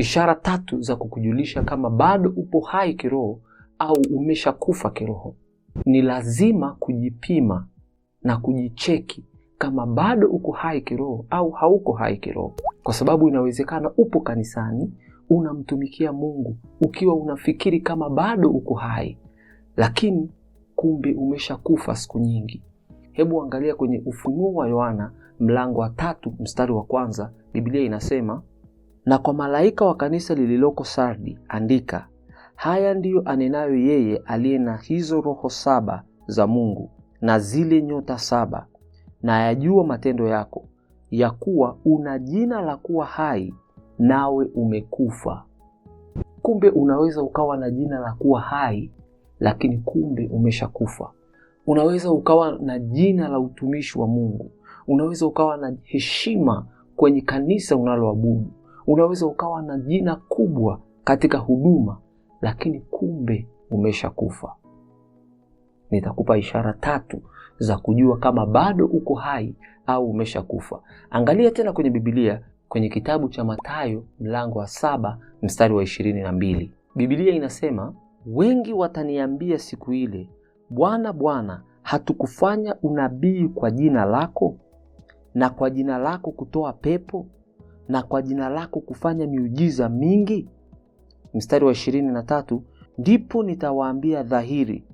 Ishara tatu za kukujulisha kama bado upo hai kiroho au umeshakufa kiroho. Ni lazima kujipima na kujicheki kama bado uko hai kiroho au hauko hai kiroho, kwa sababu inawezekana upo kanisani unamtumikia Mungu ukiwa unafikiri kama bado uko hai, lakini kumbe umeshakufa siku nyingi. Hebu angalia kwenye Ufunuo wa Yohana mlango wa tatu mstari wa kwanza, Biblia inasema na kwa malaika wa kanisa lililoko Sardi andika, haya ndiyo anenayo yeye aliye na hizo roho saba za Mungu na zile nyota saba, na yajua matendo yako, ya kuwa una jina la kuwa hai, nawe umekufa. Kumbe unaweza ukawa na jina la kuwa hai, lakini kumbe umeshakufa. Unaweza ukawa na jina la utumishi wa Mungu, unaweza ukawa na heshima kwenye kanisa unaloabudu Unaweza ukawa na jina kubwa katika huduma, lakini kumbe umeshakufa. Nitakupa ishara tatu za kujua kama bado uko hai au umeshakufa. Angalia tena kwenye bibilia kwenye kitabu cha matayo mlango wa saba mstari wa ishirini na mbili. bibilia inasema, wengi wataniambia siku ile, Bwana, Bwana, hatukufanya unabii kwa jina lako na kwa jina lako kutoa pepo na kwa jina lako kufanya miujiza mingi? Mstari wa ishirini na tatu, ndipo nitawaambia dhahiri,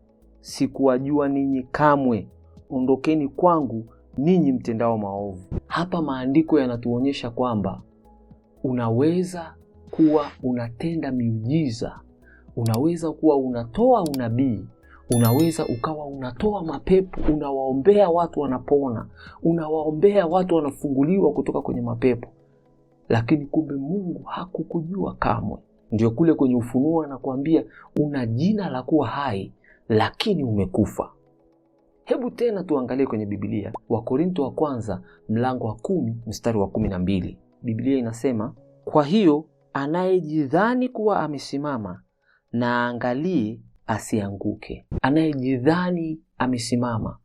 sikuwajua ninyi kamwe, ondokeni kwangu ninyi mtendao maovu. Hapa maandiko yanatuonyesha kwamba unaweza kuwa unatenda miujiza, unaweza kuwa unatoa unabii, unaweza ukawa unatoa mapepo, unawaombea watu wanapona, unawaombea watu wanafunguliwa kutoka kwenye mapepo, lakini kumbe Mungu hakukujua kamwe. Ndio kule kwenye Ufunuo anakuambia una jina la kuwa hai lakini umekufa. Hebu tena tuangalie kwenye Biblia, Wakorinto wa kwanza mlango wa kumi mstari wa kumi na mbili Biblia inasema, kwa hiyo anayejidhani kuwa amesimama na aangalie asianguke. Anayejidhani amesimama,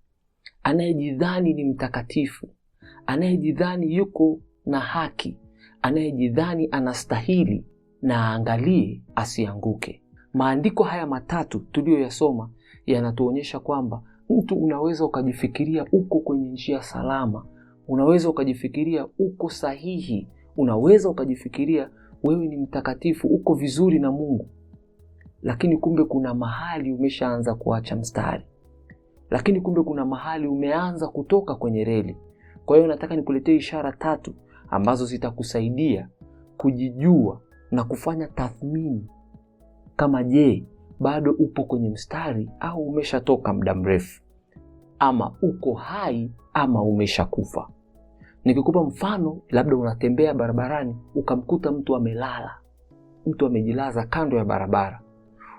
anayejidhani ni mtakatifu, anayejidhani yuko na haki, anayejidhani anastahili na aangalie asianguke. Maandiko haya matatu tuliyoyasoma yanatuonyesha kwamba mtu unaweza ukajifikiria uko kwenye njia salama, unaweza ukajifikiria uko sahihi, unaweza ukajifikiria wewe ni mtakatifu, uko vizuri na Mungu, lakini kumbe kuna mahali umeshaanza kuacha mstari, lakini kumbe kuna mahali umeanza kutoka kwenye reli. Kwa hiyo nataka nikuletee ishara tatu ambazo zitakusaidia kujijua na kufanya tathmini kama je, bado upo kwenye mstari au umeshatoka muda mrefu, ama uko hai ama umeshakufa. Nikikupa mfano, labda unatembea barabarani ukamkuta mtu amelala, mtu amejilaza kando ya barabara.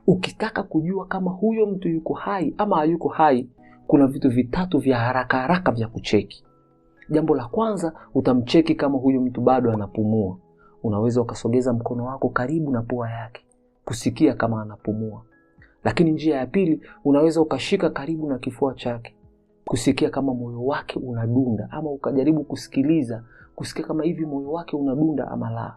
Ukitaka kujua kama huyo mtu yuko hai ama hayuko hai, kuna vitu vitatu vya haraka haraka vya kucheki. Jambo la kwanza, utamcheki kama huyu mtu bado anapumua. Unaweza ukasogeza mkono wako karibu na pua yake kusikia kama anapumua. Lakini njia ya pili, unaweza ukashika karibu na kifua chake kusikia kama moyo wake unadunda, ama ukajaribu kusikiliza kusikia kama hivi moyo wake unadunda ama la.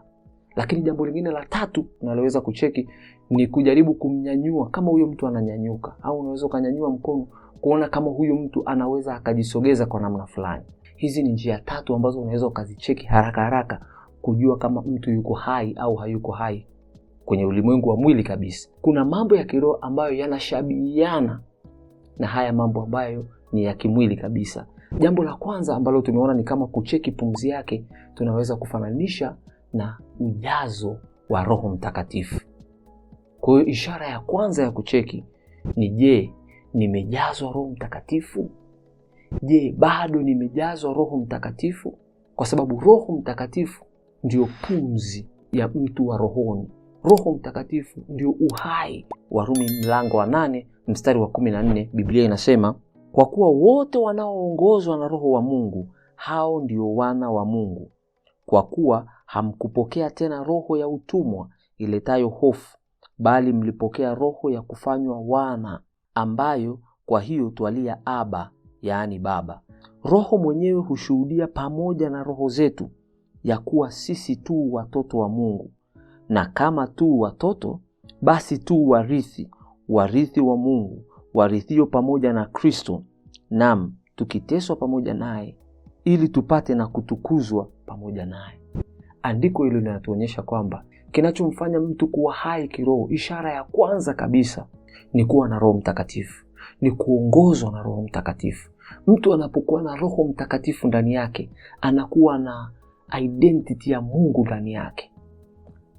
Lakini jambo lingine la tatu unaloweza kucheki ni kujaribu kumnyanyua kama huyo mtu ananyanyuka, au unaweza ukanyanyua mkono kuona kama huyo mtu anaweza akajisogeza kwa namna fulani. Hizi ni njia tatu ambazo unaweza ukazicheki haraka haraka kujua kama mtu yuko hai au hayuko hai kwenye ulimwengu wa mwili kabisa. Kuna mambo ya kiroho ambayo yanashabihiana na haya mambo ambayo ni ya kimwili kabisa. Jambo la kwanza ambalo tumeona ni kama kucheki pumzi yake, tunaweza kufananisha na ujazo wa Roho Mtakatifu. Kwa hiyo ishara ya kwanza ya kucheki ni je, nimejazwa Roho Mtakatifu? je, bado nimejazwa Roho Mtakatifu? Kwa sababu Roho Mtakatifu ndio pumzi ya mtu wa rohoni. Roho Mtakatifu ndio uhai. Warumi mlango wa nane mstari wa kumi na nne Biblia inasema kwa kuwa wote wanaoongozwa na Roho wa Mungu hao ndio wana wa Mungu. Kwa kuwa hamkupokea tena roho ya utumwa iletayo hofu, bali mlipokea roho ya kufanywa wana, ambayo kwa hiyo twalia Aba, yaani Baba. Roho mwenyewe hushuhudia pamoja na roho zetu ya kuwa sisi tu watoto wa Mungu, na kama tu watoto, basi tu warithi, warithi wa Mungu, warithio pamoja na Kristo, nam tukiteswa pamoja naye, ili tupate na kutukuzwa pamoja naye. Andiko hilo linatuonyesha kwamba kinachomfanya mtu kuwa hai kiroho, ishara ya kwanza kabisa ni kuwa na Roho Mtakatifu ni kuongozwa na Roho Mtakatifu. Mtu anapokuwa na Roho Mtakatifu ndani yake, anakuwa na identity ya Mungu ndani yake,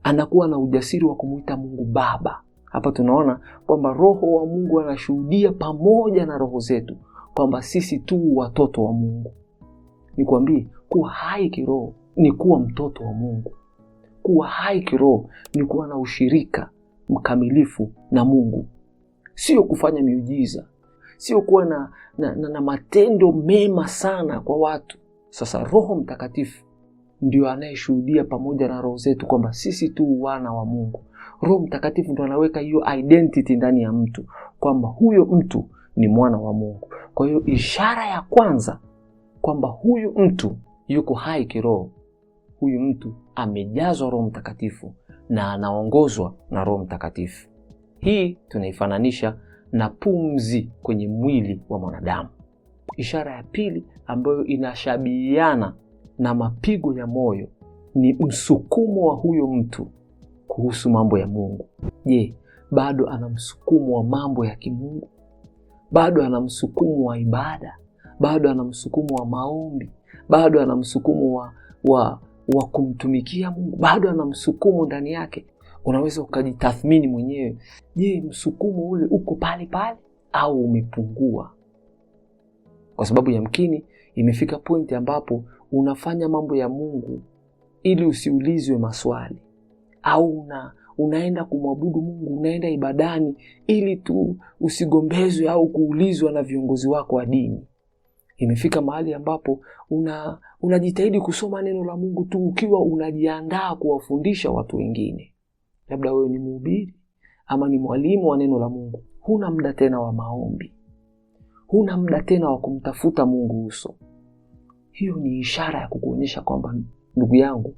anakuwa na ujasiri wa kumwita Mungu Baba. Hapa tunaona kwamba Roho wa Mungu anashuhudia pamoja na roho zetu kwamba sisi tu watoto wa Mungu. Nikwambie, kuwa hai kiroho ni kuwa mtoto wa Mungu. Kuwa hai kiroho ni kuwa na ushirika mkamilifu na Mungu sio kufanya miujiza, sio kuwa na, na, na, na matendo mema sana kwa watu. Sasa Roho Mtakatifu ndio anayeshuhudia pamoja na roho zetu kwamba sisi tu wana wa Mungu. Roho Mtakatifu ndo anaweka hiyo identity ndani ya mtu kwamba huyo mtu ni mwana wa Mungu. Kwa hiyo ishara ya kwanza kwamba huyu mtu yuko hai kiroho, huyu mtu amejazwa Roho Mtakatifu na anaongozwa na Roho Mtakatifu. Hii tunaifananisha na pumzi kwenye mwili wa mwanadamu. Ishara ya pili ambayo inashabihiana na mapigo ya moyo ni msukumo wa huyo mtu kuhusu mambo ya Mungu. Je, bado ana msukumo wa mambo ya kimungu? Bado ana msukumo wa ibada? Bado ana msukumo wa maombi? Bado ana msukumo wa, wa, wa kumtumikia Mungu? Bado ana msukumo ndani yake? unaweza ukajitathmini mwenyewe. Je, msukumo ule uko pale pale au umepungua? Kwa sababu yamkini imefika pointi ambapo unafanya mambo ya Mungu ili usiulizwe maswali au una unaenda kumwabudu Mungu, unaenda ibadani ili tu usigombezwe au kuulizwa na viongozi wako wa dini. Imefika mahali ambapo una unajitahidi kusoma neno la Mungu tu ukiwa unajiandaa kuwafundisha watu wengine labda wewe ni mhubiri ama ni mwalimu wa neno la Mungu, huna muda tena wa maombi, huna muda tena wa kumtafuta Mungu uso. Hiyo ni ishara ya kukuonyesha kwamba, ndugu yangu,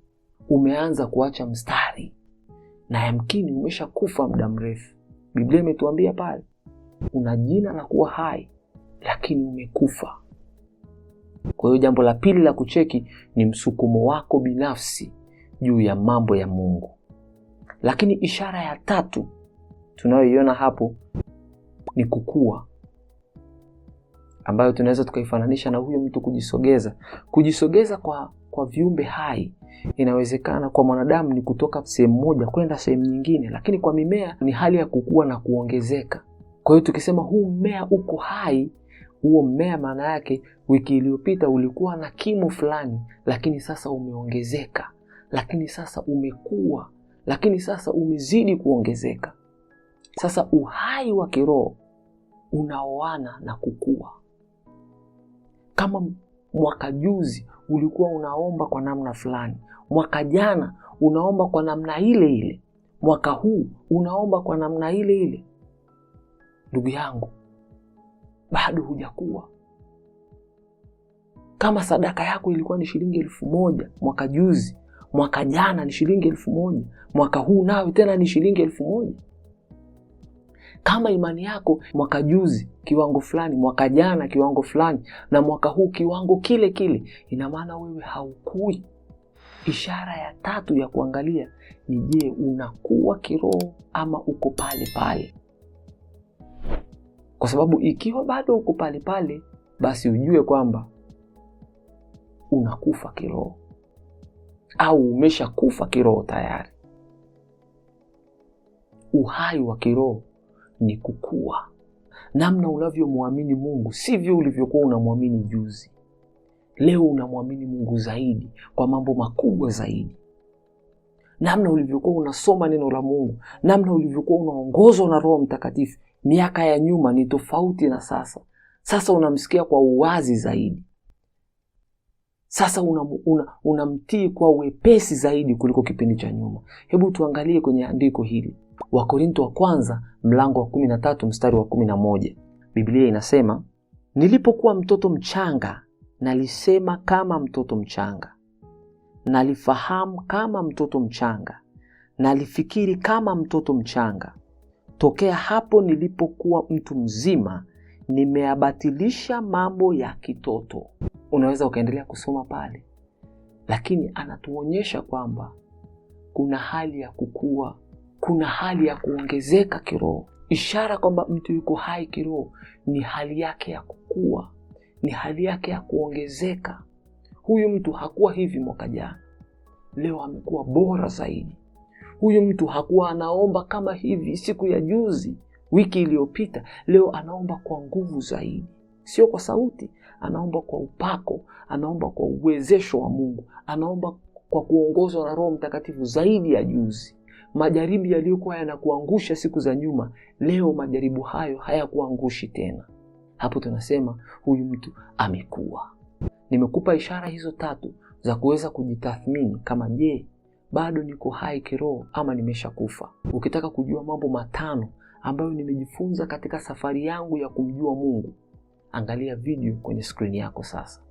umeanza kuacha mstari na yamkini umeshakufa muda mrefu. Biblia imetuambia pale, una jina la kuwa hai lakini umekufa. Kwa hiyo jambo la pili la kucheki ni msukumo wako binafsi juu ya mambo ya Mungu. Lakini ishara ya tatu tunayoiona hapo ni kukua, ambayo tunaweza tukaifananisha na huyo mtu kujisogeza. Kujisogeza kwa, kwa viumbe hai inawezekana kwa mwanadamu ni kutoka sehemu moja kwenda sehemu nyingine, lakini kwa mimea ni hali ya kukua na kuongezeka. Kwa hiyo tukisema huu mmea uko hai, huo mmea maana yake wiki iliyopita ulikuwa na kimo fulani, lakini sasa umeongezeka, lakini sasa umekua lakini sasa umezidi kuongezeka. Sasa uhai wa kiroho unaoana na kukua. Kama mwaka juzi ulikuwa unaomba kwa namna fulani, mwaka jana unaomba kwa namna ile ile, mwaka huu unaomba kwa namna ile ile. Ndugu yangu, bado hujakuwa. Kama sadaka yako ilikuwa ni shilingi elfu moja mwaka juzi mwaka jana ni shilingi elfu moja mwaka huu nayo tena ni shilingi elfu moja kama imani yako mwaka juzi kiwango fulani, mwaka jana kiwango fulani, na mwaka huu kiwango kile kile, ina maana wewe haukui. Ishara ya tatu ya kuangalia ni je, unakuwa kiroho ama uko pale pale? Kwa sababu ikiwa bado uko pale pale, basi ujue kwamba unakufa kiroho au umeshakufa kiroho tayari. Uhai wa kiroho ni kukua. Namna unavyomwamini Mungu sivyo ulivyokuwa unamwamini juzi. Leo unamwamini Mungu zaidi kwa mambo makubwa zaidi. Namna ulivyokuwa unasoma neno la Mungu, namna ulivyokuwa unaongozwa na Roho Mtakatifu miaka ya nyuma ni tofauti na sasa. Sasa unamsikia kwa uwazi zaidi sasa unamtii una, una kwa wepesi zaidi kuliko kipindi cha nyuma. Hebu tuangalie kwenye andiko hili, Wakorinto wa kwanza mlango wa 13 mstari wa 11. Biblia inasema, nilipokuwa mtoto mchanga nalisema kama mtoto mchanga, nalifahamu kama mtoto mchanga, nalifikiri kama mtoto mchanga. Tokea hapo nilipokuwa mtu mzima nimeyabatilisha mambo ya kitoto. Unaweza ukaendelea kusoma pale, lakini anatuonyesha kwamba kuna hali ya kukua, kuna hali ya kuongezeka kiroho. Ishara kwamba mtu yuko hai kiroho ni hali yake ya kukua, ni hali yake ya kuongezeka. Huyu mtu hakuwa hivi mwaka jana, leo amekuwa bora zaidi. Huyu mtu hakuwa anaomba kama hivi siku ya juzi, wiki iliyopita, leo anaomba kwa nguvu zaidi, sio kwa sauti. Anaomba kwa upako, anaomba kwa uwezesho wa Mungu, anaomba kwa kuongozwa na Roho Mtakatifu zaidi ya juzi. Majaribu yaliyokuwa yanakuangusha siku za nyuma, leo majaribu hayo hayakuangushi tena. Hapo tunasema huyu mtu amekuwa. Nimekupa ishara hizo tatu za kuweza kujitathmini kama je, bado niko hai kiroho ama nimeshakufa. Ukitaka kujua mambo matano ambayo nimejifunza katika safari yangu ya kumjua Mungu. Angalia video kwenye skrini yako sasa.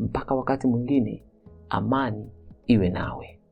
Mpaka wakati mwingine, amani iwe nawe.